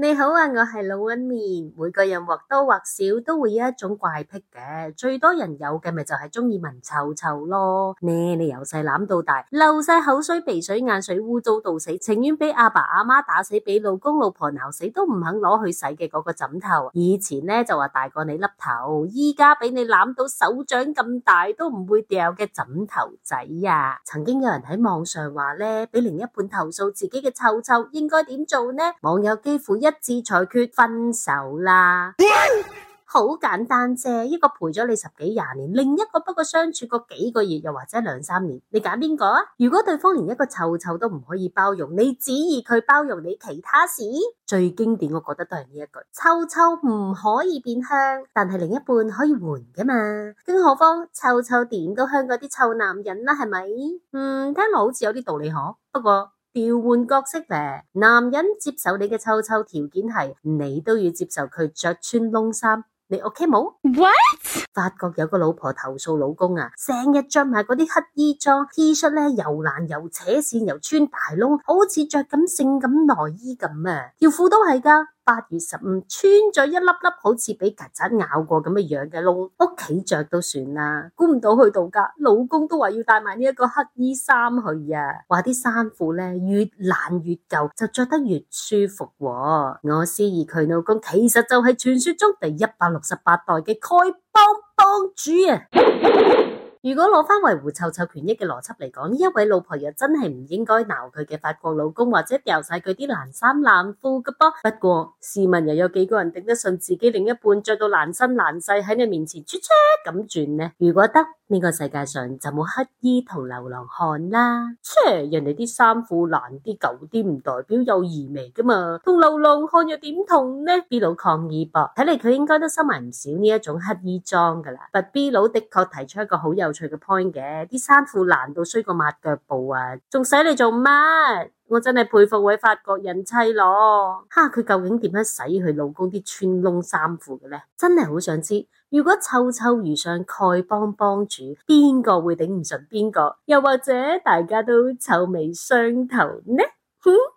你好啊，我係龍紋敏。每個人或多或少都會有一種怪癖嘅，最多人有嘅咪就係中意聞臭臭咯。呢，你由細攬到大，漏晒口水、鼻水、眼水，污糟到死，情願俾阿爸阿媽打死，俾老公老婆鬧死，都唔肯攞去洗嘅嗰個枕頭。以前呢就話大過你粒頭，依家俾你攬到手掌咁大都唔會掉嘅枕頭仔啊！曾經有人喺網上話呢，俾另一半投訴自己嘅臭臭應該點做呢？網友幾乎一。一致裁決分手啦，好 簡單啫，一個陪咗你十幾廿年，另一個不過相處過幾個月又或者兩三年，你揀邊個啊？如果對方連一個臭臭都唔可以包容，你指意佢包容你其他事？ 最經典我覺得都係呢一句，臭臭唔可以變香，但係另一半可以換噶嘛？更何況臭臭點都香過啲臭男人啦，係咪？嗯，聽落好似有啲道理呵，不過。調換角色咧，男人接受你嘅臭臭條件係，你都要接受佢着穿窿衫。你 OK 冇？What？法國有個老婆投訴老公啊，成日着埋嗰啲黑衣裝，T 恤咧又爛又扯線，又穿大窿，好似着緊性感內衣咁啊，條褲都係噶。八月十五穿咗一粒粒好似俾曱甴咬過咁嘅樣嘅窿，屋企着都算啦，估唔到去度假，老公都話要帶埋呢一個黑衣衫去啊。話啲衫褲呢越爛越舊就着得越舒服，我思疑佢老公其實就係傳說中第一百六十八代嘅丐幫幫主啊！ 如果攞翻維護臭臭權益嘅邏輯嚟講，呢一位老婆又真係唔應該鬧佢嘅法國老公，或者掉晒佢啲爛衫爛褲噶噃。不過試問，市民又有幾個人頂得順自己另一半着到爛身爛世喺你面前，出車咁轉呢？如果得呢、呢個世界上就冇乞衣同流浪漢啦。切人哋啲衫褲爛啲舊啲，唔代表有異味噶嘛。同流浪漢又點同呢？b 佬抗議噃，睇嚟佢應該都收埋唔少呢一種乞衣裝噶啦。但 b 佬的確提出一個好有有趣嘅 point 嘅，啲衫褲爛到衰過抹腳布啊？仲使你做乜？我真係佩服位法國人妻咯！吓，佢究竟點樣洗佢老公啲穿窿衫褲嘅咧？真係好想知。如果臭臭遇上丐幫幫主，邊個會頂唔順邊個？又或者大家都臭味相投呢？哼、嗯！